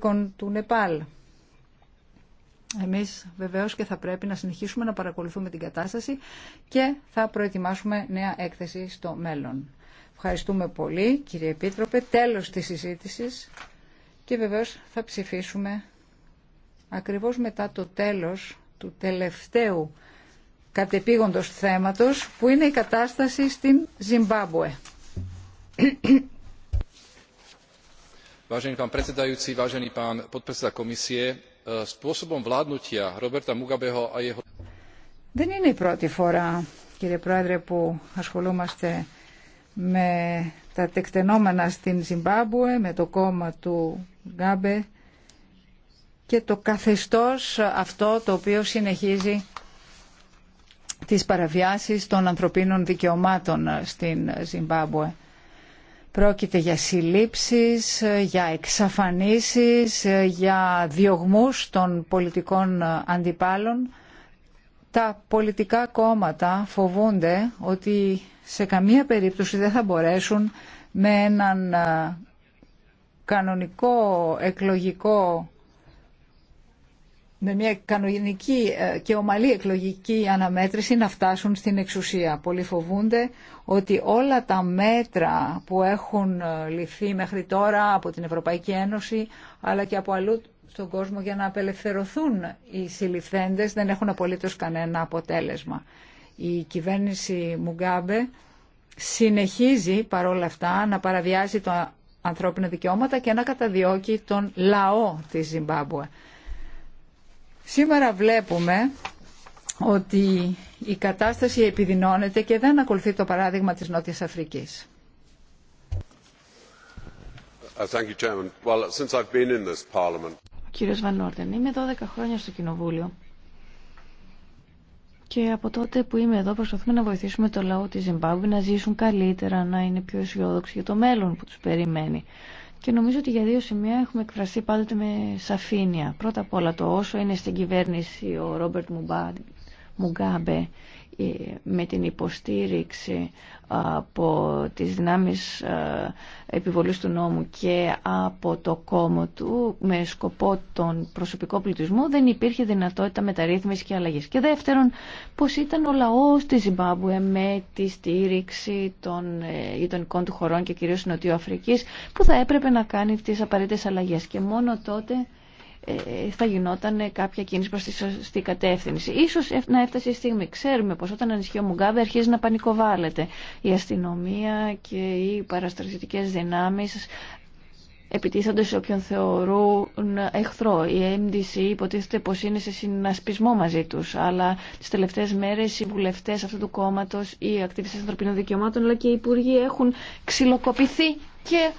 κατοίκων του Νεπάλ. Εμείς βεβαίως και θα πρέπει να συνεχίσουμε να παρακολουθούμε την κατάσταση και θα προετοιμάσουμε νέα έκθεση στο μέλλον. Ευχαριστούμε πολύ κύριε Επίτροπε. Τέλος της συζήτησης και βεβαίως θα ψηφίσουμε ακριβώς μετά το τέλος του τελευταίου κατεπήγοντος θέματος που είναι η κατάσταση στην Ζιμπάμπουε. Δεν είναι η πρώτη φορά, κύριε Πρόεδρε, που ασχολούμαστε με τα τεκτενόμενα στην Ζιμπάμπουε, με το κόμμα του Γκάμπε και το καθεστώς αυτό το οποίο συνεχίζει τις παραβιάσεις των ανθρωπίνων δικαιωμάτων στην Ζιμπάμπουε. Πρόκειται για συλλήψεις, για εξαφανίσεις, για διωγμούς των πολιτικών αντιπάλων. Τα πολιτικά κόμματα φοβούνται ότι σε καμία περίπτωση δεν θα μπορέσουν με έναν ε, κανονικό εκλογικό με μια κανονική ε, και ομαλή εκλογική αναμέτρηση να φτάσουν στην εξουσία. Πολλοί φοβούνται ότι όλα τα μέτρα που έχουν ε, ληφθεί μέχρι τώρα από την Ευρωπαϊκή Ένωση αλλά και από αλλού στον κόσμο για να απελευθερωθούν οι συλληφθέντες δεν έχουν απολύτως κανένα αποτέλεσμα. Η κυβέρνηση Μουγκάμπε συνεχίζει παρόλα αυτά να παραβιάζει τα ανθρώπινα δικαιώματα και να καταδιώκει τον λαό της Ζιμπάμπουε. Σήμερα βλέπουμε ότι η κατάσταση επιδεινώνεται και δεν ακολουθεί το παράδειγμα της Νότιας Αφρικής. Uh, Κύριε Βαν είμαι 12 χρόνια στο Κοινοβούλιο και από τότε που είμαι εδώ προσπαθούμε να βοηθήσουμε το λαό της Ζυμπάγου να ζήσουν καλύτερα, να είναι πιο αισιόδοξοι για το μέλλον που τους περιμένει. Και νομίζω ότι για δύο σημεία έχουμε εκφραστεί πάντοτε με σαφήνεια. Πρώτα απ' όλα το όσο είναι στην κυβέρνηση ο Ρόμπερτ Μουμπά, Μουγκάμπε ε, με την υποστήριξη ε, από τις δυνάμεις ε, επιβολής του νόμου και από το κόμμα του με σκοπό τον προσωπικό πληθυσμό δεν υπήρχε δυνατότητα μεταρρύθμισης και αλλαγής. Και δεύτερον, πως ήταν ο λαός της Ζιμπάμπουε με τη στήριξη των γειτονικών του χωρών και κυρίως Νοτιοαφρικής που θα έπρεπε να κάνει τις απαραίτητες αλλαγές. Και μόνο τότε θα γινόταν κάποια κίνηση προς τη σωστή κατεύθυνση. Ίσως να έφτασε η στιγμή. Ξέρουμε πως όταν ανησυχεί ο Μουγκάβε αρχίζει να πανικοβάλλεται. Η αστυνομία και οι παραστρατιωτικές δυνάμεις επιτίθενται σε όποιον θεωρούν εχθρό. Η MDC υποτίθεται πως είναι σε συνασπισμό μαζί τους, αλλά τις τελευταίες μέρες οι βουλευτές αυτού του κόμματος, οι ακτιβιστές ανθρωπίνων δικαιωμάτων, αλλά και οι υπουργοί έχουν ξυλοκοπηθεί και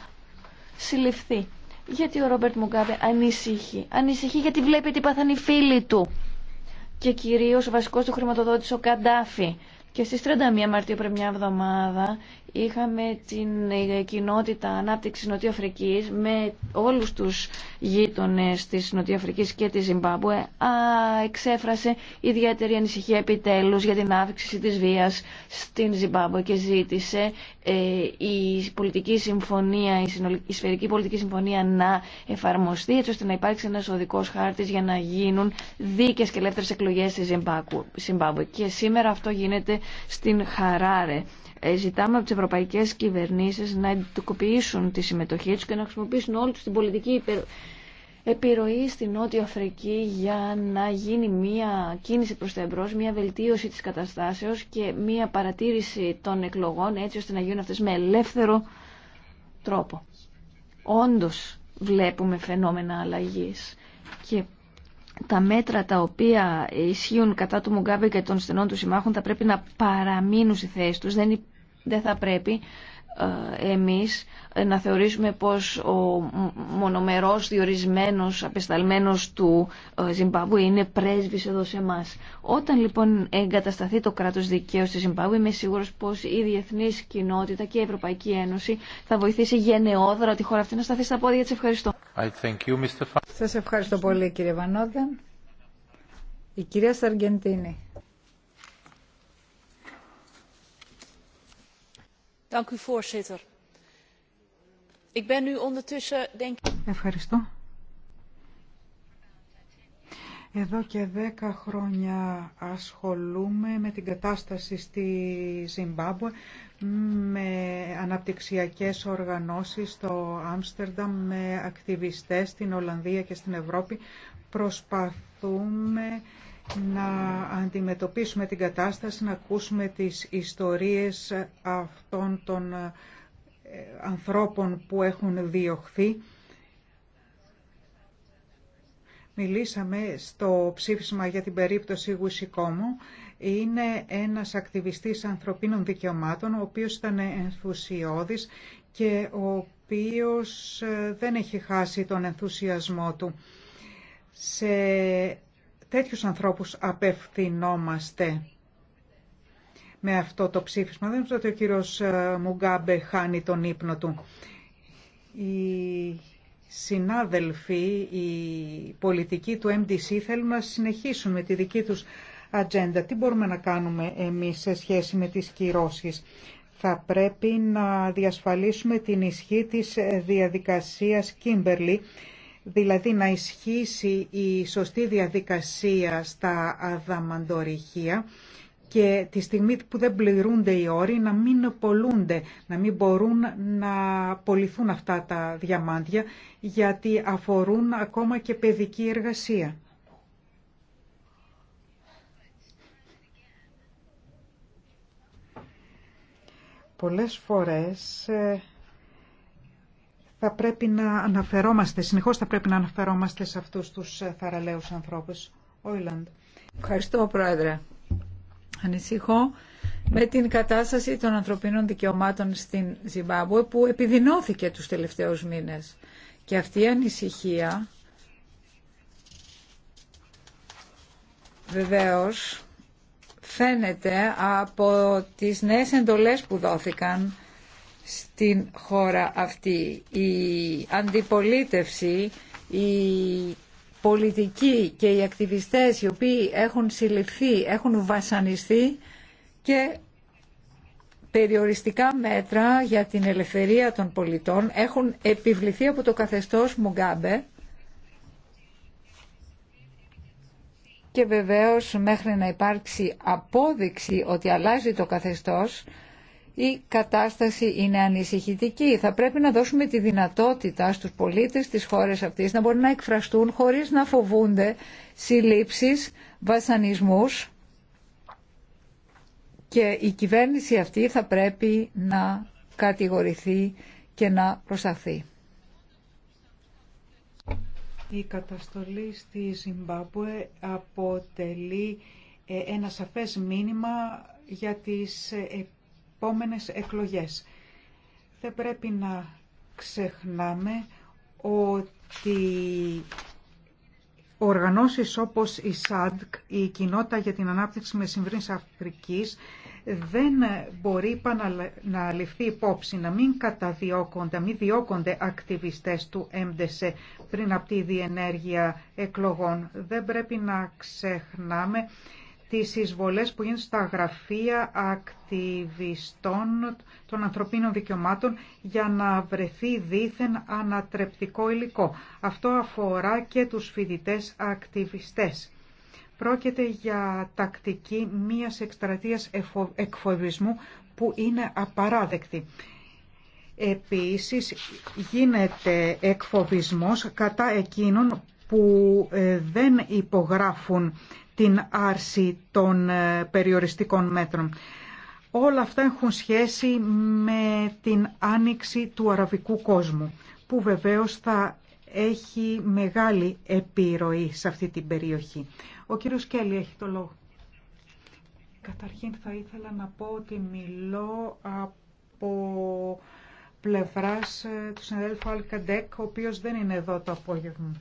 συλληφθεί γιατί ο Ρόμπερτ Μουγκάβε ανησυχεί. Ανησυχεί γιατί βλέπει τι πάθαν οι φίλοι του. Και κυρίω ο βασικό του χρηματοδότη ο Καντάφη. Και στι 31 Μαρτίου, πριν μια εβδομάδα, είχαμε την ε, κοινότητα ανάπτυξη Νοτιοαφρικής με όλους τους γείτονες της Νοτιοαφρικής και της Ζιμπάμπουε εξέφρασε ιδιαίτερη ανησυχία επιτέλους για την αύξηση της βίας στην Ζιμπάμπουε και ζήτησε ε, η πολιτική συμφωνία, η, συνολική, σφαιρική πολιτική συμφωνία να εφαρμοστεί έτσι ώστε να υπάρξει ένας οδικός χάρτης για να γίνουν δίκαιες και ελεύθερες εκλογές στη Ζιμπάμπουε. Και σήμερα αυτό γίνεται στην Χαράρε ε, ζητάμε από τις ευρωπαϊκές κυβερνήσεις να εντοκοποιήσουν τη συμμετοχή τους και να χρησιμοποιήσουν όλη τους την πολιτική επιρροή στη Νότια Αφρική για να γίνει μια κίνηση προς τα εμπρός, μια βελτίωση της καταστάσεως και μια παρατήρηση των εκλογών έτσι ώστε να γίνουν αυτές με ελεύθερο τρόπο. Όντως βλέπουμε φαινόμενα αλλαγής και τα μέτρα τα οποία ισχύουν κατά του Μουγκάβη και των στενών του συμμάχων θα πρέπει να παραμείνουν στη θέση τους. δεν θα πρέπει εμείς ε, να θεωρήσουμε πως ο μονομερός διορισμένος, απεσταλμένος του ε, Ζιμπάμπου είναι πρέσβης εδώ σε εμά. Όταν λοιπόν εγκατασταθεί το κράτος δικαίου στη Ζιμπάμπου είμαι σίγουρος πως η διεθνής κοινότητα και η Ευρωπαϊκή Ένωση θα βοηθήσει γενναιόδρα τη χώρα αυτή να σταθεί στα πόδια της. Ευχαριστώ. Σας ευχαριστώ πολύ κύριε Βανόδεν. Η κυρία Σαργεντίνη. Ευχαριστώ. Εδώ και δέκα χρόνια ασχολούμαι με την κατάσταση στη Ζιμπάμπουε, με αναπτυξιακές οργανώσεις στο Άμστερνταμ, με ακτιβιστές στην Ολλανδία και στην Ευρώπη. Προσπαθούμε να αντιμετωπίσουμε την κατάσταση, να ακούσουμε τις ιστορίες αυτών των ε, ανθρώπων που έχουν διωχθεί. Μιλήσαμε στο ψήφισμα για την περίπτωση Γουσικόμου. Είναι ένας ακτιβιστής ανθρωπίνων δικαιωμάτων, ο οποίος ήταν ενθουσιώδης και ο οποίος ε, δεν έχει χάσει τον ενθουσιασμό του. Σε τέτοιους ανθρώπους απευθυνόμαστε με αυτό το ψήφισμα. Δεν ξέρω ότι ο κύριος ε, Μουγκάμπε χάνει τον ύπνο του. Οι συνάδελφοι, οι πολιτικοί του MDC θέλουν να συνεχίσουν με τη δική τους ατζέντα. Τι μπορούμε να κάνουμε εμείς σε σχέση με τις κυρώσεις. Θα πρέπει να διασφαλίσουμε την ισχύ της διαδικασίας Κίμπερλι δηλαδή να ισχύσει η σωστή διαδικασία στα αδαμαντορυχεία και τη στιγμή που δεν πληρούνται οι όροι να μην πολλούνται, να μην μπορούν να πολιθούν αυτά τα διαμάντια γιατί αφορούν ακόμα και παιδική εργασία. Πολλές φορές ε, θα πρέπει να αναφερόμαστε, συνεχώς θα πρέπει να αναφερόμαστε σε αυτούς τους ε, θαραλέους ανθρώπους. Οίλαντ. Ευχαριστώ Πρόεδρε. Ανησυχώ με την κατάσταση των ανθρωπίνων δικαιωμάτων στην Ζιμπάμπουε που επιδεινώθηκε τους τελευταίους μήνες. Και αυτή η ανησυχία βεβαίως φαίνεται από τις νέες εντολές που δόθηκαν στην χώρα αυτή. Η αντιπολίτευση, η πολιτικοί και οι ακτιβιστές οι οποίοι έχουν συλληφθεί, έχουν βασανιστεί και περιοριστικά μέτρα για την ελευθερία των πολιτών έχουν επιβληθεί από το καθεστώς Μουγκάμπε και βεβαίως μέχρι να υπάρξει απόδειξη ότι αλλάζει το καθεστώς η κατάσταση είναι ανησυχητική. Θα πρέπει να δώσουμε τη δυνατότητα στους πολίτες της χώρας αυτής να μπορούν να εκφραστούν χωρίς να φοβούνται συλλήψεις, βασανισμούς και η κυβέρνηση αυτή θα πρέπει να κατηγορηθεί και να προσταθεί. Η καταστολή στη Ζιμπάμπουε αποτελεί ε, ένα σαφές μήνυμα για τις ε, επόμενες εκλογές. Δεν πρέπει να ξεχνάμε ότι οργανώσεις όπως η ΣΑΔΚ, η Κοινότητα για την Ανάπτυξη Μεσημβρής Αφρικής, δεν μπορεί να ληφθεί υπόψη να μην καταδιώκονται, μην διώκονται ακτιβιστές του ΕΜΤΕΣΕ πριν από τη διενέργεια εκλογών. Δεν πρέπει να ξεχνάμε τις εισβολές που γίνονται στα γραφεία ακτιβιστών των ανθρωπίνων δικαιωμάτων για να βρεθεί δήθεν ανατρεπτικό υλικό. Αυτό αφορά και τους φοιτητές ακτιβιστές. Πρόκειται για τακτική μίας εκστρατείας εκφοβισμού που είναι απαράδεκτη. Επίσης γίνεται εκφοβισμός κατά εκείνων που ε, δεν υπογράφουν την άρση των ε, περιοριστικών μέτρων. Όλα αυτά έχουν σχέση με την άνοιξη του αραβικού κόσμου, που βεβαίως θα έχει μεγάλη επιρροή σε αυτή την περιοχή. Ο κύριος Κέλλη έχει το λόγο. Καταρχήν θα ήθελα να πω ότι μιλώ από πλευράς ε, του συναδέλφου Αλκαντέκ, ο οποίος δεν είναι εδώ το απόγευμα.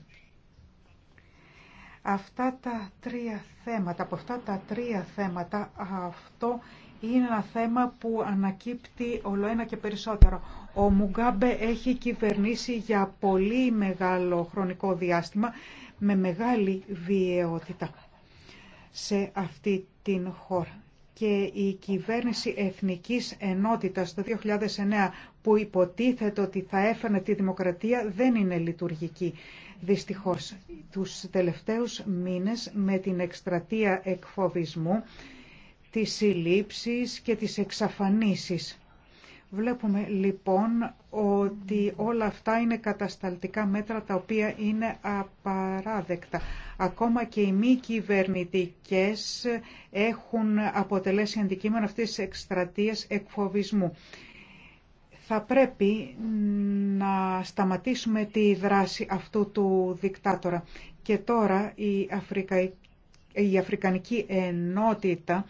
Αυτά τα τρία θέματα, από αυτά τα τρία θέματα, αυτό είναι ένα θέμα που ανακύπτει όλο ένα και περισσότερο. Ο Μουγκάμπε έχει κυβερνήσει για πολύ μεγάλο χρονικό διάστημα με μεγάλη βιαιότητα σε αυτή την χώρα. Και η κυβέρνηση Εθνικής Ενότητας το 2009 που υποτίθεται ότι θα έφερνε τη δημοκρατία δεν είναι λειτουργική. Δυστυχώς, τους τελευταίους μήνες με την εκστρατεία εκφοβισμού, τις συλλήψεις και τις εξαφανίσεις. Βλέπουμε λοιπόν ότι όλα αυτά είναι κατασταλτικά μέτρα τα οποία είναι απαράδεκτα. Ακόμα και οι μη κυβερνητικέ έχουν αποτελέσει αντικείμενο αυτής της εκστρατείας εκφοβισμού θα πρέπει να σταματήσουμε τη δράση αυτού του δικτάτορα. Και τώρα η, η Αφρικανική Ενότητα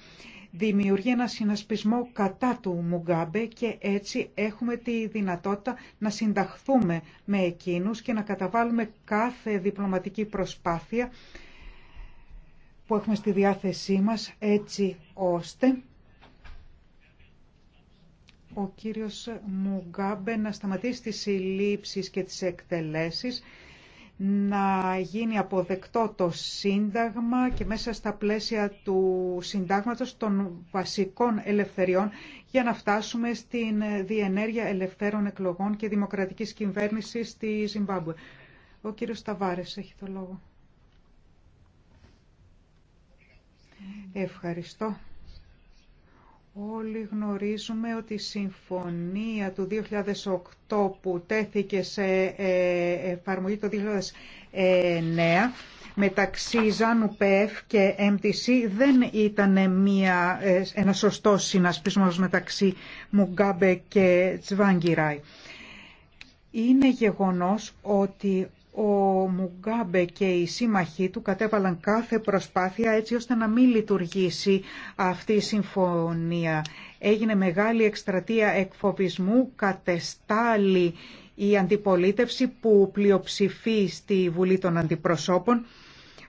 δημιουργεί ένα συνασπισμό κατά του Μουγκάμπε και έτσι έχουμε τη δυνατότητα να συνταχθούμε με εκείνους και να καταβάλουμε κάθε διπλωματική προσπάθεια που έχουμε στη διάθεσή μας έτσι ώστε ο κύριος Μουγκάμπε να σταματήσει τις συλλήψεις και τις εκτελέσεις, να γίνει αποδεκτό το Σύνταγμα και μέσα στα πλαίσια του Συντάγματος των βασικών ελευθεριών για να φτάσουμε στην διενέργεια ελευθέρων εκλογών και δημοκρατικής κυβέρνησης στη Ζιμπάμπουε. Ο κύριος Σταβάρες έχει το λόγο. Ευχαριστώ. Όλοι γνωρίζουμε ότι η συμφωνία του 2008 που τέθηκε σε ε, εφαρμογή το 2009 μεταξύ Ζάνου και MTC δεν ήταν μια, ε, ένα σωστό συνασπισμός μεταξύ Μουγκάμπε και Τσβάνγκυράι. Είναι γεγονός ότι ο Μουγκάμπε και οι σύμμαχοί του κατέβαλαν κάθε προσπάθεια έτσι ώστε να μην λειτουργήσει αυτή η συμφωνία. Έγινε μεγάλη εκστρατεία εκφοβισμού, κατεστάλη η αντιπολίτευση που πλειοψηφεί στη Βουλή των Αντιπροσώπων.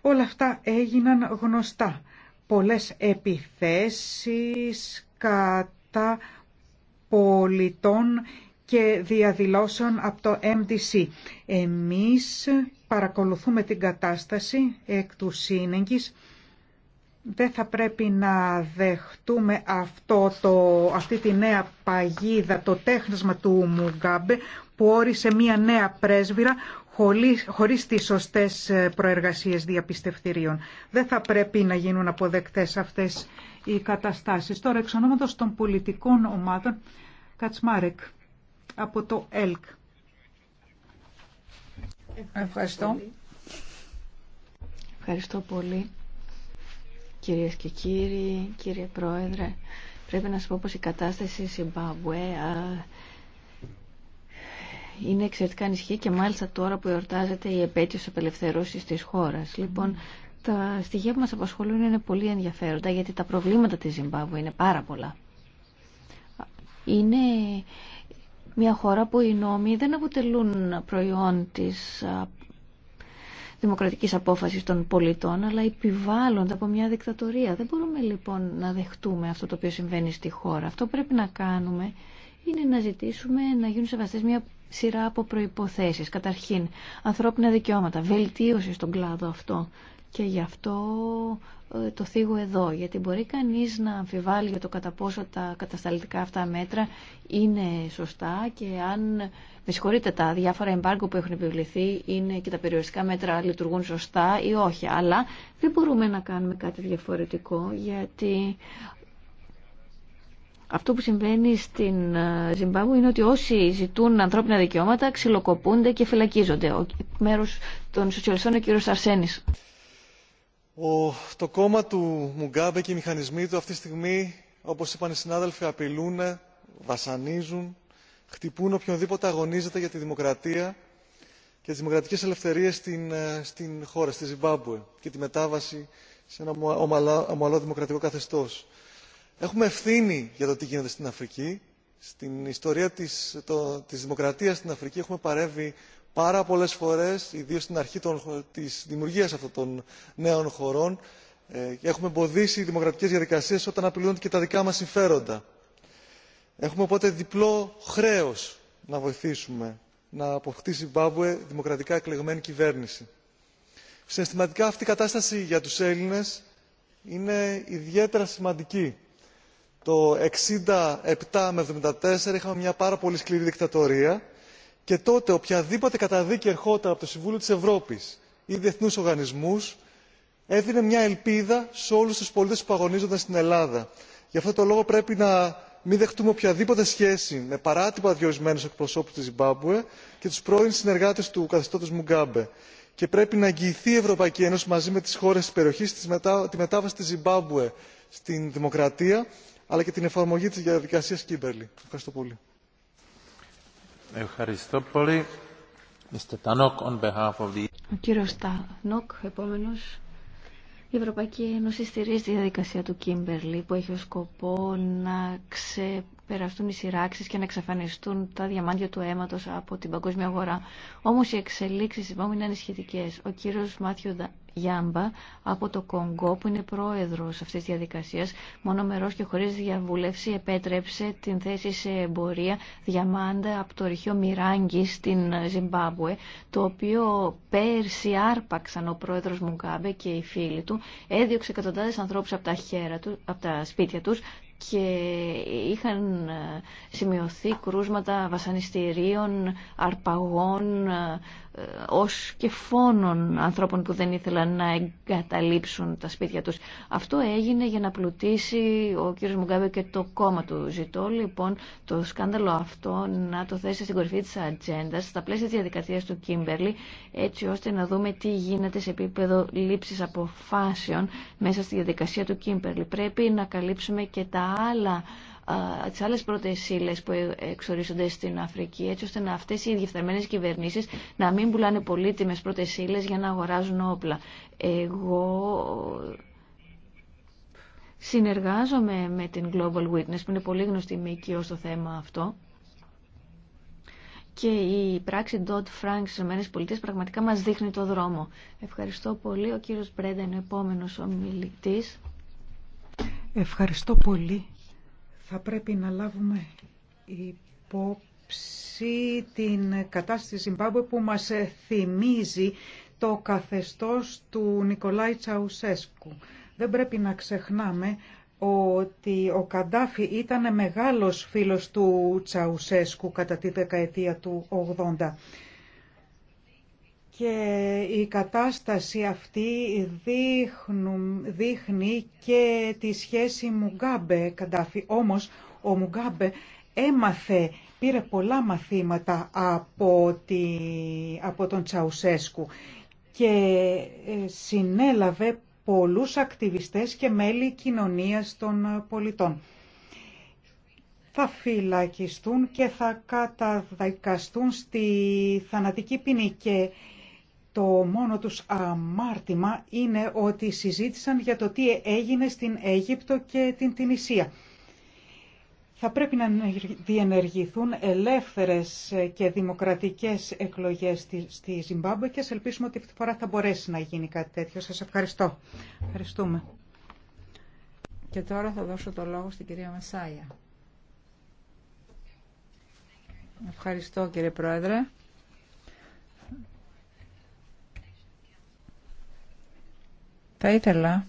Όλα αυτά έγιναν γνωστά. Πολλές επιθέσεις κατά πολιτών και διαδηλώσεων από το MDC. Εμείς παρακολουθούμε την κατάσταση εκ του σύνεγγης. Δεν θα πρέπει να δεχτούμε αυτό το, αυτή τη νέα παγίδα, το τέχνασμα του Μουγκάμπε που όρισε μία νέα πρέσβυρα χωρίς, χωρίς τις σωστές ε, προεργασίες διαπιστευτηρίων. Δεν θα πρέπει να γίνουν αποδεκτές αυτές οι καταστάσεις. Τώρα, εξ των πολιτικών ομάδων, Κατσμάρεκ από το ΕΛΚ. Ευχαριστώ. Ευχαριστώ πολύ. Κυρίες και κύριοι, κύριε Πρόεδρε, πρέπει να σας πω πως η κατάσταση στη είναι εξαιρετικά ανισχύ και μάλιστα τώρα που εορτάζεται η επέτειος απελευθερώσης της χώρας. Λοιπόν, τα στοιχεία που μας απασχολούν είναι πολύ ενδιαφέροντα γιατί τα προβλήματα της Ζιμπάμπου είναι πάρα πολλά. Είναι μια χώρα που οι νόμοι δεν αποτελούν προϊόν της δημοκρατικής απόφασης των πολιτών, αλλά επιβάλλονται από μια δικτατορία. Δεν μπορούμε λοιπόν να δεχτούμε αυτό το οποίο συμβαίνει στη χώρα. Αυτό που πρέπει να κάνουμε είναι να ζητήσουμε να γίνουν σεβαστές μια σειρά από προϋποθέσεις. Καταρχήν, ανθρώπινα δικαιώματα, βελτίωση στον κλάδο αυτό και γι' αυτό ε, το θίγω εδώ, γιατί μπορεί κανείς να αμφιβάλλει για το κατά πόσο τα κατασταλτικά αυτά μέτρα είναι σωστά και αν, με συγχωρείτε, τα διάφορα εμπάργκο που έχουν επιβληθεί είναι και τα περιοριστικά μέτρα λειτουργούν σωστά ή όχι, αλλά δεν μπορούμε να κάνουμε κάτι διαφορετικό γιατί αυτό που συμβαίνει στην ε, Ζιμπάμπου είναι ότι όσοι ζητούν ανθρώπινα δικαιώματα ξυλοκοπούνται και φυλακίζονται. Ο μέρος των σοσιαλιστών είναι ο κύριος Αρσένης το κόμμα του Μουγκάμπε και οι μηχανισμοί του αυτή τη στιγμή, όπως είπαν οι συνάδελφοι, απειλούν, βασανίζουν, χτυπούν οποιονδήποτε αγωνίζεται για τη δημοκρατία και τις δημοκρατικές ελευθερίες στην, ε, στην χώρα, στη Ζιμπάμπουε και τη μετάβαση σε ένα ομαλό δημοκρατικό καθεστώς. Έχουμε ευθύνη για το τι γίνεται στην Αφρική. Στην ιστορία της, το, της δημοκρατίας στην Αφρική έχουμε παρέμβει πάρα πολλέ φορέ ιδίω στην αρχή τη δημιουργία αυτών των νέων χωρών ε, έχουμε εμποδίσει δημοκρατικέ διαδικασίε όταν απειλούνται και τα δικά μα συμφέροντα. έχουμε οπότε διπλό χρέο να βοηθήσουμε να αποκτήσει η δημοκρατικά εκλεγμένη κυβέρνηση. συναισθηματικά αυτή η κατάσταση για τους έλληνες είναι ιδιαίτερα σημαντική. το 1967 με 74 είχαμε μια πάρα πολύ σκληρή δικτατορία και τότε οποιαδήποτε καταδίκη ερχόταν από το συμβούλιο της ευρώπης ή διεθνούς οργανισμούς έδινε μια ελπίδα σε όλους τους πολίτες που αγωνίζονταν στην ελλάδα. γι' αυτό το λόγο πρέπει να μην δεχτούμε οποιαδήποτε σχέση με παράτυπα διορισμένους εκπροσώπους της ζιμπάμπουε και τους πρώην συνεργάτες του καθεστώτος μουγκάμπε και πρέπει να εγγυηθεί η ευρωπαϊκή ένωση μαζί με τις χώρες της περιοχής τη μετάβαση της ζιμπάμπουε στην δημοκρατία αλλά και την εφαρμογή της διαδικασίας κίμπερλι. ευχαριστώ πολύ. Ευχαριστώ πολύ. Ο κύριος Τανόκ, επόμενος. Η Ευρωπαϊκή Ένωση στηρίζει τη διαδικασία του Κίμπερλι που έχει ως σκοπό να, ξε περαστούν οι σειράξει και να εξαφανιστούν τα διαμάντια του αίματο από την παγκόσμια αγορά. Όμω οι εξελίξει επόμενα είναι σχετικέ. Ο κύριο Μάθιο Γιάμπα από το Κονγκό, που είναι πρόεδρο αυτή τη διαδικασία, μονομερό και χωρί διαβούλευση, επέτρεψε την θέση σε εμπορία διαμάντα από το ρηχείο Μιράγκη στην Ζιμπάμπουε, το οποίο πέρσι άρπαξαν ο πρόεδρο Μουγκάμπε και οι φίλοι του, έδιωξε εκατοντάδε ανθρώπου από, από τα σπίτια του, και είχαν ε, σημειωθεί κρούσματα βασανιστήριων, αρπαγών, ε, ε, ως και φόνων ανθρώπων που δεν ήθελαν να εγκαταλείψουν τα σπίτια τους. Αυτό έγινε για να πλουτίσει ο κύριος Μουγκάβε και το κόμμα του. Ζητώ λοιπόν το σκάνδαλο αυτό να το θέσει στην κορυφή της ατζέντα, στα πλαίσια της διαδικασίας του Κίμπερλι, έτσι ώστε να δούμε τι γίνεται σε επίπεδο λήψης αποφάσεων μέσα στη διαδικασία του Κίμπερλι. Πρέπει να καλύψουμε και τα άλλα τις άλλες πρώτες που εξορίσονται στην Αφρική έτσι ώστε να αυτές οι διεφθαρμένες κυβερνήσεις να μην πουλάνε πολύτιμες πρώτες ύλες για να αγοράζουν όπλα. Εγώ συνεργάζομαι με την Global Witness που είναι πολύ γνωστή με στο θέμα αυτό και η πράξη Dodd Frank στι ΗΠΑ πραγματικά μας δείχνει το δρόμο. Ευχαριστώ πολύ. Ο κύριος Μπρέντα είναι ο επόμενο Ευχαριστώ πολύ θα πρέπει να λάβουμε υπόψη την κατάσταση Ζιμπάμπου που μας θυμίζει το καθεστώς του Νικολάη Τσαουσέσκου. Δεν πρέπει να ξεχνάμε ότι ο Καντάφη ήταν μεγάλος φίλος του Τσαουσέσκου κατά τη δεκαετία του 80. Και η κατάσταση αυτή δείχνουν, δείχνει και τη σχέση Μουγκάμπε-Καντάφη. Όμως ο Μουγκάμπε έμαθε, πήρε πολλά μαθήματα από, από τον Τσαουσέσκου και ε, συνέλαβε πολλούς ακτιβιστές και μέλη κοινωνίας των πολιτών. Θα φυλακιστούν και θα καταδικαστούν στη θανατική ποινή το μόνο τους αμάρτημα είναι ότι συζήτησαν για το τι έγινε στην Αίγυπτο και την Τινησία. Θα πρέπει να διενεργηθούν ελεύθερες και δημοκρατικές εκλογές στη Ζιμπάμπουε και ας ελπίσουμε ότι αυτή τη φορά θα μπορέσει να γίνει κάτι τέτοιο. Σας ευχαριστώ. Ευχαριστούμε. Και τώρα θα δώσω το λόγο στην κυρία Μασάια. Ευχαριστώ κύριε Πρόεδρε. Θα ήθελα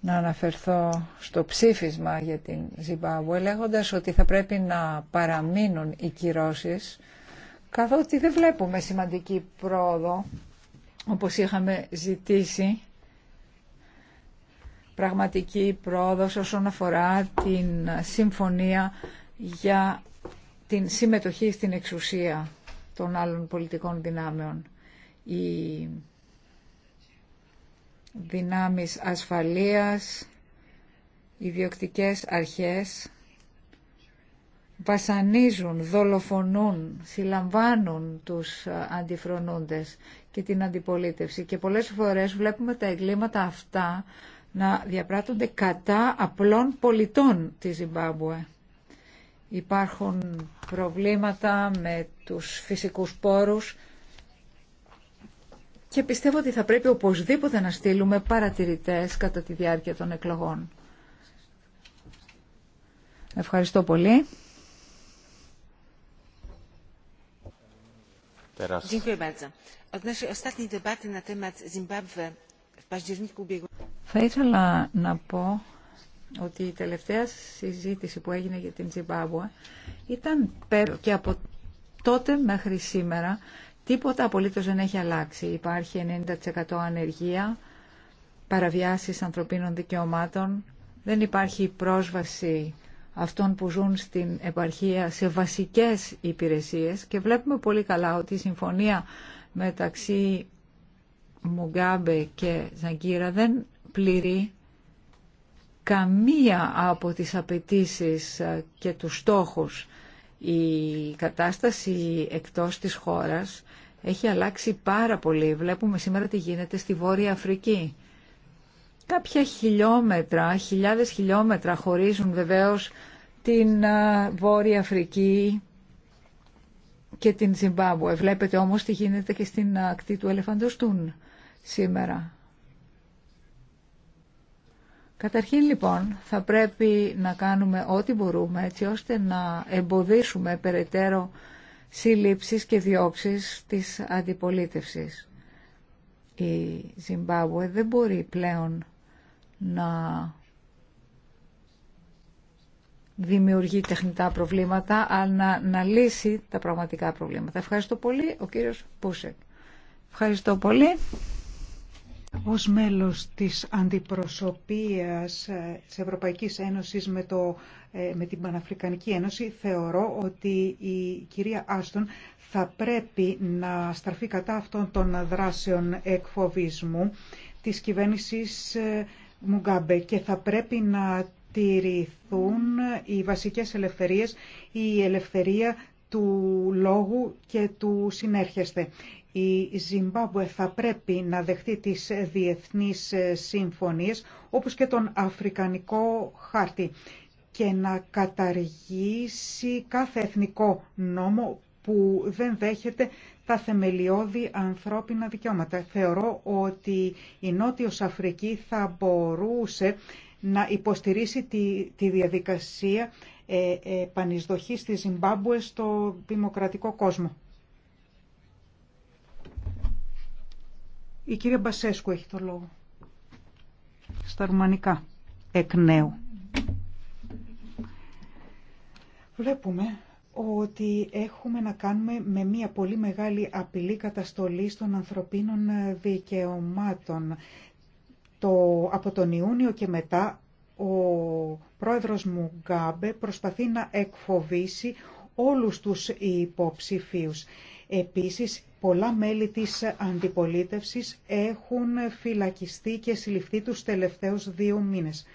να αναφερθώ στο ψήφισμα για την Ζιμπάμπουε λέγοντας ότι θα πρέπει να παραμείνουν οι κυρώσεις καθότι δεν βλέπουμε σημαντική πρόοδο όπως είχαμε ζητήσει πραγματική πρόοδο όσον αφορά την συμφωνία για την συμμετοχή στην εξουσία των άλλων πολιτικών δυνάμεων. Η δυνάμεις ασφαλείας, ιδιοκτικές αρχές βασανίζουν, δολοφονούν, συλλαμβάνουν τους αντιφρονούντες και την αντιπολίτευση. Και πολλές φορές βλέπουμε τα εγκλήματα αυτά να διαπράττονται κατά απλών πολιτών της Ζιμπάμπουε. Υπάρχουν προβλήματα με τους φυσικούς πόρους και πιστεύω ότι θα πρέπει οπωσδήποτε να στείλουμε παρατηρητές κατά τη διάρκεια των εκλογών. Ευχαριστώ πολύ. Θα ήθελα να πω ότι η τελευταία συζήτηση που έγινε για την Ζιμπάμπουα ήταν πέρα και από τότε μέχρι σήμερα Τίποτα απολύτως δεν έχει αλλάξει. Υπάρχει 90% ανεργία, παραβιάσεις ανθρωπίνων δικαιωμάτων, δεν υπάρχει πρόσβαση αυτών που ζουν στην επαρχία σε βασικές υπηρεσίες και βλέπουμε πολύ καλά ότι η συμφωνία μεταξύ Μουγκάμπε και Ζαγκύρα δεν πληρεί καμία από τις απαιτήσει και τους στόχους η κατάσταση εκτός της χώρας έχει αλλάξει πάρα πολύ. Βλέπουμε σήμερα τι γίνεται στη Βόρεια Αφρική. Κάποια χιλιόμετρα, χιλιάδες χιλιόμετρα χωρίζουν βεβαίως την Βόρεια Αφρική και την Ζιμπάμπουε. Βλέπετε όμως τι γίνεται και στην ακτή του Ελεφαντοστούν σήμερα. Καταρχήν λοιπόν θα πρέπει να κάνουμε ό,τι μπορούμε έτσι ώστε να εμποδίσουμε περαιτέρω σύλληψεις και διώξεις της αντιπολίτευσης. Η Ζιμπάμπουε δεν μπορεί πλέον να δημιουργεί τεχνητά προβλήματα, αλλά να, λύσει τα πραγματικά προβλήματα. Ευχαριστώ πολύ, ο κύριος Πούσεκ. Ευχαριστώ πολύ. Ως μέλος της αντιπροσωπείας ε, της Ευρωπαϊκής Ένωσης με, το, ε, με την Παναφρικανική Ένωση θεωρώ ότι η κυρία Άστον θα πρέπει να στραφεί κατά αυτών των δράσεων εκφοβισμού της κυβέρνησης ε, Μουγκάμπε και θα πρέπει να τηρηθούν οι βασικές ελευθερίες, η ελευθερία του λόγου και του συνέρχεστε η Ζιμπάμπουε θα πρέπει να δεχτεί τις διεθνείς συμφωνίες όπως και τον Αφρικανικό χάρτη και να καταργήσει κάθε εθνικό νόμο που δεν δέχεται τα θεμελιώδη ανθρώπινα δικαιώματα. Θεωρώ ότι η Νότιος Αφρική θα μπορούσε να υποστηρίσει τη, διαδικασία ε, ε, πανισδοχής της Ζιμπάμπουε στο δημοκρατικό κόσμο. Η κυρία Μπασέσκου έχει το λόγο. Στα ρουμανικά. Εκ νέου. Βλέπουμε ότι έχουμε να κάνουμε με μια πολύ μεγάλη απειλή καταστολής των ανθρωπίνων δικαιωμάτων. Το, από τον Ιούνιο και μετά ο πρόεδρος Γκάμπε προσπαθεί να εκφοβήσει όλους τους υποψηφίους. Επίσης, πολλά μέλη της αντιπολίτευσης έχουν φυλακιστεί και συλληφθεί τους τελευταίους δύο μήνες.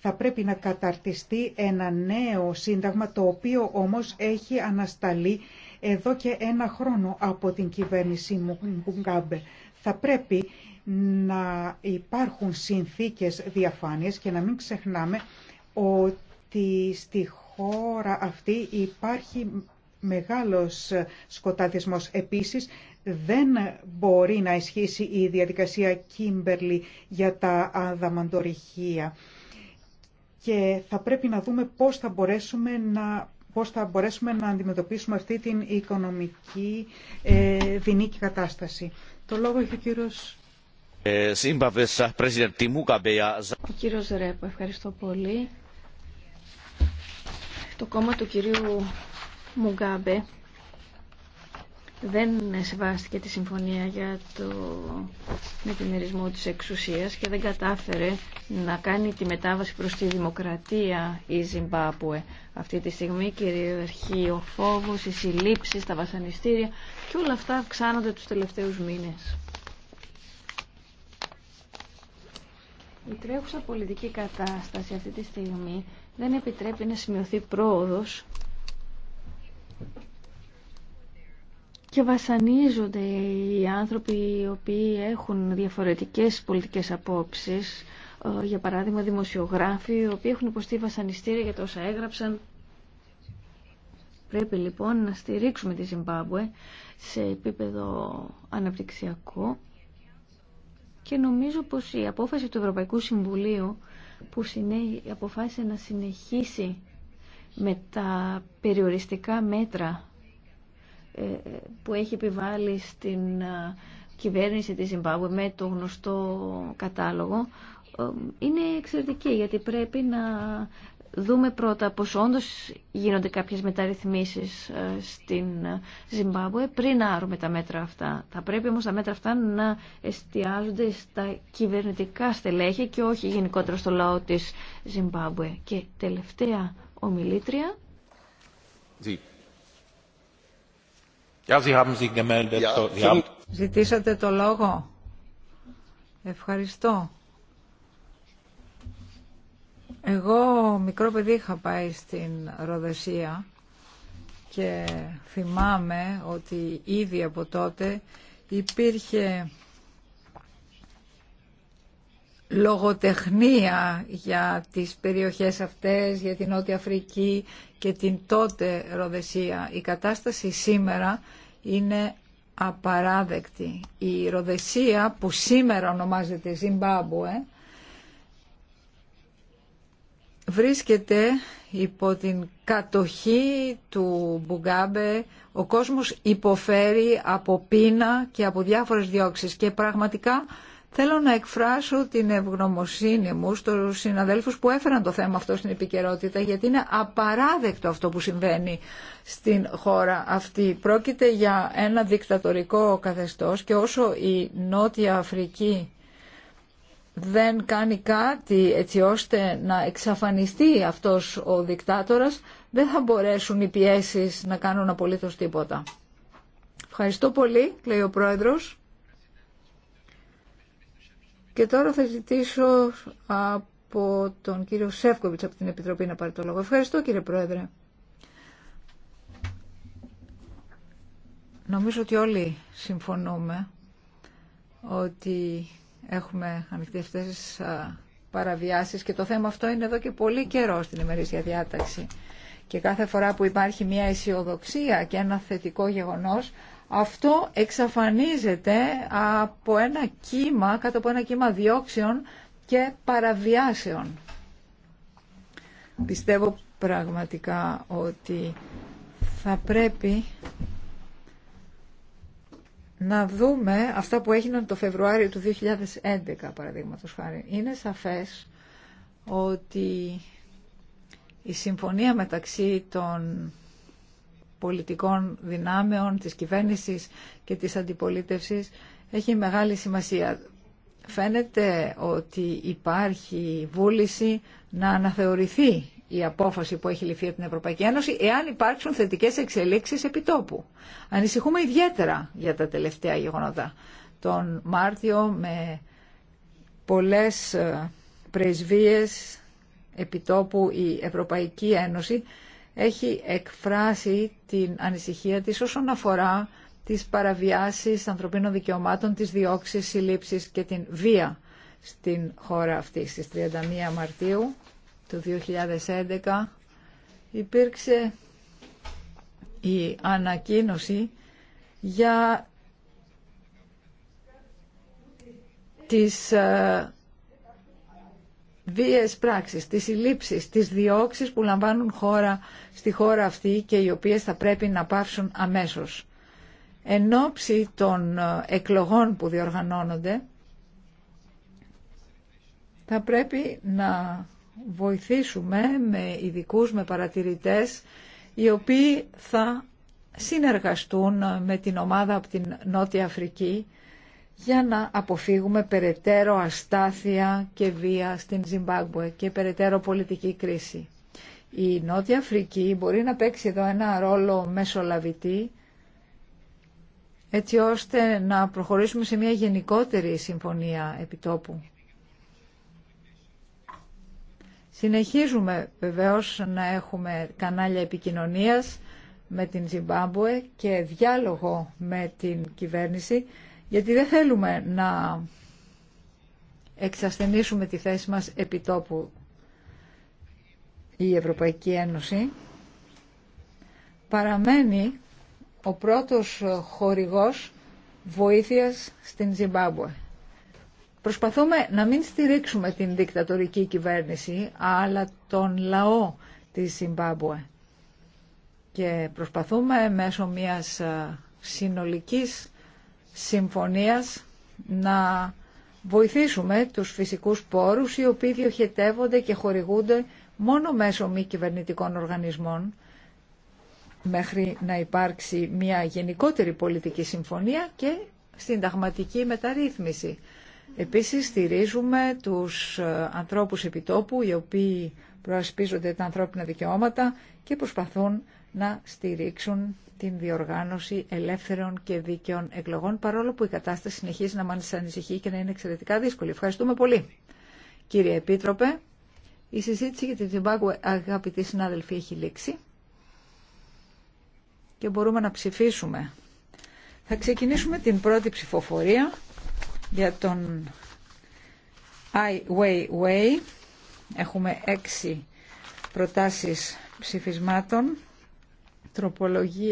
Θα πρέπει να καταρτιστεί ένα νέο σύνταγμα, το οποίο όμως έχει ανασταλεί εδώ και ένα χρόνο από την κυβέρνηση Μουγκάμπε. Θα πρέπει να υπάρχουν συνθήκες διαφάνειας και να μην ξεχνάμε ότι στη χώρα αυτή υπάρχει μεγάλος σκοτάδισμος. Επίσης, δεν μπορεί να ισχύσει η διαδικασία Κίμπερλι για τα αδαμαντορυχεία. Και θα πρέπει να δούμε πώς θα μπορέσουμε να πώς θα μπορέσουμε να αντιμετωπίσουμε αυτή την οικονομική ε, κατάσταση. Το λόγο έχει ο κύριος... Ε, ο κύριος Ρέπο, ευχαριστώ πολύ. Το κόμμα του κυρίου Μουγκάμπε δεν σεβάστηκε τη συμφωνία για το επιμερισμό της εξουσίας και δεν κατάφερε να κάνει τη μετάβαση προς τη δημοκρατία η Ζιμπάπουε. Αυτή τη στιγμή κυριαρχεί ο φόβος, οι συλλήψεις, τα βασανιστήρια και όλα αυτά αυξάνονται τους τελευταίους μήνες. Η τρέχουσα πολιτική κατάσταση αυτή τη στιγμή δεν επιτρέπει να σημειωθεί πρόοδος και βασανίζονται οι άνθρωποι οι οποίοι έχουν διαφορετικές πολιτικές απόψεις, ε, για παράδειγμα δημοσιογράφοι, οι οποίοι έχουν υποστεί βασανιστήρια για το όσα έγραψαν. Πρέπει λοιπόν να στηρίξουμε τη Ζιμπάμπουε σε επίπεδο αναπτυξιακό και νομίζω πως η απόφαση του Ευρωπαϊκού Συμβουλίου που αποφάσισε να συνεχίσει με τα περιοριστικά μέτρα ε, που έχει επιβάλει στην ε, κυβέρνηση της Ζιμπάμπουε με το γνωστό κατάλογο ε, είναι εξαιρετική γιατί πρέπει να δούμε πρώτα πως όντως γίνονται κάποιες μεταρρυθμίσεις στην Ζιμπάμπουε πριν άρουμε τα μέτρα αυτά. Θα πρέπει όμως τα μέτρα αυτά να εστιάζονται στα κυβερνητικά στελέχη και όχι γενικότερα στο λαό της Ζιμπάμπουε. Και τελευταία ομιλήτρια. Ζητήσατε το λόγο. Ευχαριστώ. Εγώ μικρό παιδί είχα πάει στην Ροδεσία και θυμάμαι ότι ήδη από τότε υπήρχε λογοτεχνία για τις περιοχές αυτές, για την Νότια Αφρική και την τότε Ροδεσία. Η κατάσταση σήμερα είναι απαράδεκτη. Η Ροδεσία που σήμερα ονομάζεται Ζιμπάμπουε βρίσκεται υπό την κατοχή του Μπουγκάμπε. Ο κόσμος υποφέρει από πείνα και από διάφορες διώξεις και πραγματικά Θέλω να εκφράσω την ευγνωμοσύνη μου στους συναδέλφους που έφεραν το θέμα αυτό στην επικαιρότητα γιατί είναι απαράδεκτο αυτό που συμβαίνει στην χώρα αυτή. Πρόκειται για ένα δικτατορικό καθεστώς και όσο η Νότια Αφρική δεν κάνει κάτι έτσι ώστε να εξαφανιστεί αυτός ο δικτάτορας δεν θα μπορέσουν οι πιέσεις να κάνουν απολύτως τίποτα. Ευχαριστώ πολύ, λέει ο Πρόεδρος. Και τώρα θα ζητήσω από τον κύριο Σεύκοβιτς από την Επιτροπή να πάρει το λόγο. Ευχαριστώ κύριε Πρόεδρε. Νομίζω ότι όλοι συμφωνούμε ότι έχουμε ανοιχτεί αυτές παραβιάσεις και το θέμα αυτό είναι εδώ και πολύ καιρό στην ημερήσια διάταξη. Και κάθε φορά που υπάρχει μια αισιοδοξία και ένα θετικό γεγονός αυτό εξαφανίζεται από ένα κύμα, κάτω από ένα κύμα διώξεων και παραβιάσεων. Πιστεύω πραγματικά ότι θα πρέπει να δούμε αυτά που έγιναν το Φεβρουάριο του 2011, παραδείγματο χάρη. Είναι σαφές ότι η συμφωνία μεταξύ των πολιτικών δυνάμεων, της κυβέρνησης και της αντιπολίτευσης έχει μεγάλη σημασία. Φαίνεται ότι υπάρχει βούληση να αναθεωρηθεί η απόφαση που έχει ληφθεί από την Ευρωπαϊκή Ένωση εάν υπάρξουν θετικές εξελίξεις επιτόπου. Ανησυχούμε ιδιαίτερα για τα τελευταία γεγονότα. Τον Μάρτιο με πολλές ε, πρεσβείες επιτόπου η Ευρωπαϊκή Ένωση έχει εκφράσει την ανησυχία της όσον αφορά τις παραβιάσεις ανθρωπίνων δικαιωμάτων, τις διώξεις, συλλήψεις και την βία στην χώρα αυτή. Στις 31 Μαρτίου του 2011 υπήρξε η ανακοίνωση για τις ε, βίες πράξεις, τις συλλήψεις, τις διώξεις που λαμβάνουν χώρα στη χώρα αυτή και οι οποίες θα πρέπει να πάψουν αμέσως. Εν ώψη των ε, εκλογών που διοργανώνονται, θα πρέπει να βοηθήσουμε με ειδικούς, με παρατηρητές, οι οποίοι θα συνεργαστούν με την ομάδα από την Νότια Αφρική, για να αποφύγουμε περαιτέρω αστάθεια και βία στην Ζιμπάγκουε και περαιτέρω πολιτική κρίση. Η Νότια Αφρική μπορεί να παίξει εδώ ένα ρόλο μεσολαβητή έτσι ώστε να προχωρήσουμε σε μια γενικότερη συμφωνία επιτόπου. Συνεχίζουμε βεβαίως να έχουμε κανάλια επικοινωνίας με την Ζιμπάμπουε και διάλογο με την κυβέρνηση γιατί δεν θέλουμε να εξασθενήσουμε τη θέση μας επιτόπου η Ευρωπαϊκή Ένωση παραμένει ο πρώτος χορηγός βοήθειας στην Ζιμπάμπουε. Προσπαθούμε να μην στηρίξουμε την δικτατορική κυβέρνηση, αλλά τον λαό της Ζιμπάμπουε. Και προσπαθούμε μέσω μιας συνολικής συμφωνίας να βοηθήσουμε τους φυσικούς πόρους οι οποίοι διοχετεύονται και χορηγούνται μόνο μέσω μη κυβερνητικών οργανισμών μέχρι να υπάρξει μια γενικότερη πολιτική συμφωνία και συνταγματική μεταρρύθμιση. Επίσης στηρίζουμε τους ε, ανθρώπους επιτόπου οι οποίοι προασπίζονται τα ανθρώπινα δικαιώματα και προσπαθούν να στηρίξουν την διοργάνωση ελεύθερων και δίκαιων εκλογών, παρόλο που η κατάσταση συνεχίζει να μας ανησυχεί και να είναι εξαιρετικά δύσκολη. Ευχαριστούμε πολύ. Κύριε Επίτροπε, η συζήτηση για τη Τζιμπάγκου, αγαπητοί συνάδελφοι, έχει λήξει και μπορούμε να ψηφίσουμε. Θα ξεκινήσουμε την πρώτη ψηφοφορία για τον Ai Weiwei. Έχουμε έξι προτάσεις ψηφισμάτων τροπολογία